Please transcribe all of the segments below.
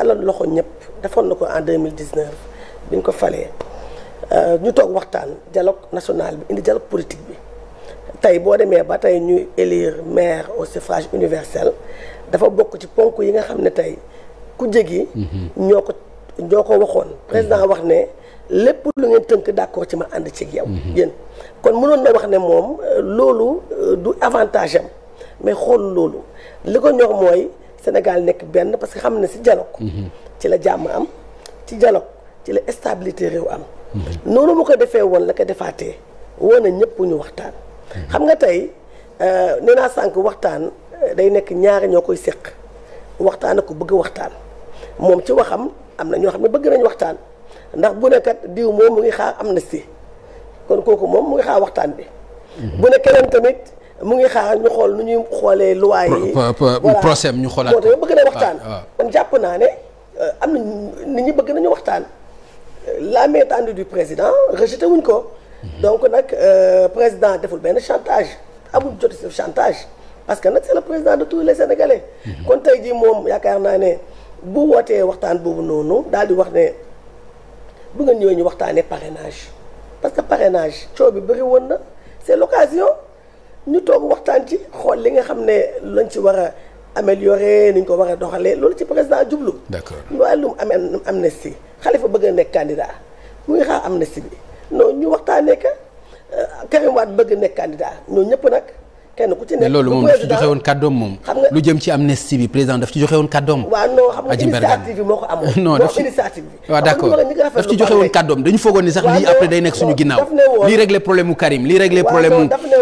tàllal loxo ñëpp defoon na ko en 2019 bi ñu ko falee euh, ñu toog waxtaan dialogue national bi indi dialogue politique bi tey boo demee ba tey ñuy élire maire au suffrage universel dafa bokk ci ponk yi nga xam ne tey ku jegi mhm. ñoo ko ñoo ko waxoon mhm. président wax ne lépp lu ngeen tënk d'accord ci ma ànd ci yow mhm. yéen kon mënoon na wax ne moom euh, loolu euh, du avantage mais xool loolu li ko ñor mooy Sénégal nekk benn parce que xam na si dialogue mhm. ci la jàmm am ci dialogue ci la estabilité réew am mhm. noonu mu ko defee woon la ko defaatee woon na ñëpp ñu waxtaan mhm. xam nga tey euh, nee naa sànk waxtaan euh, day nekk ñaari ñoo koy séq waxtaan ak ku bëgg waxtaan moom ci waxam am na ñoo xam ne bëgg nañ waxtaan ndax bu nekkat diw moom mu ngi xaar si kon kooku moom mu ngi xaar waxtaan bi bu ne keneen tamit mu ngi xaar ñu xool nu ñuy xoolee. loi yi voilà procès ñu xoolaat moo tax bëgg na waxtaan. kon ah, ah. jàpp naa ne euh, am na nit ñi bëgg nañu waxtaan. Euh, la main tendue président rejeté wuñ ko. Mhm. donc nag euh, président deful benn chantage amul jot si chantage parce que nag c'est le président de tous les sénégalais. Mhm. kon tey jii moom yaakaar naa ne bu wootee waxtaan boobu noonu daal di wax ne bu ngeen ñëwee ñu waxtaanee parrainage parce que parrainage coow bi bëri woon na c'est l'occasion. ñu toog waxtaan ci xool li nga xam ne lañ ci war a améliorer ni ñu ko war a doxalee loolu ci président jublu. d'accord wàllum a nekk candidat mu ngi xaar bi non ñu waxtaanee que euh, Karim Wade bëgg nekk candidat ñoo ñëpp nag. kenn ku ci nekk loolu moom daf ci joxe woon moom. lu jëm ci amnistie bi président daf ci joxe woon kàddoom. waaw non xam nga initiative bi moo ko amoon. non daf ci initiative bi. dañu foogoon ni sax lii après day nekk suñu ginnaaw. lii régler problème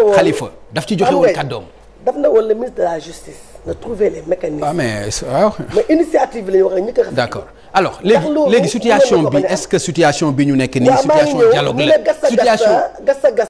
woon xalifa daf ci joxe woon kàddoom. daf na woon le ministre de la justice. na trouver les mécanismes. bi ah, la alors léegi léegi situation bi est-ce que situation bi ñu nekk nii. situation dialogue la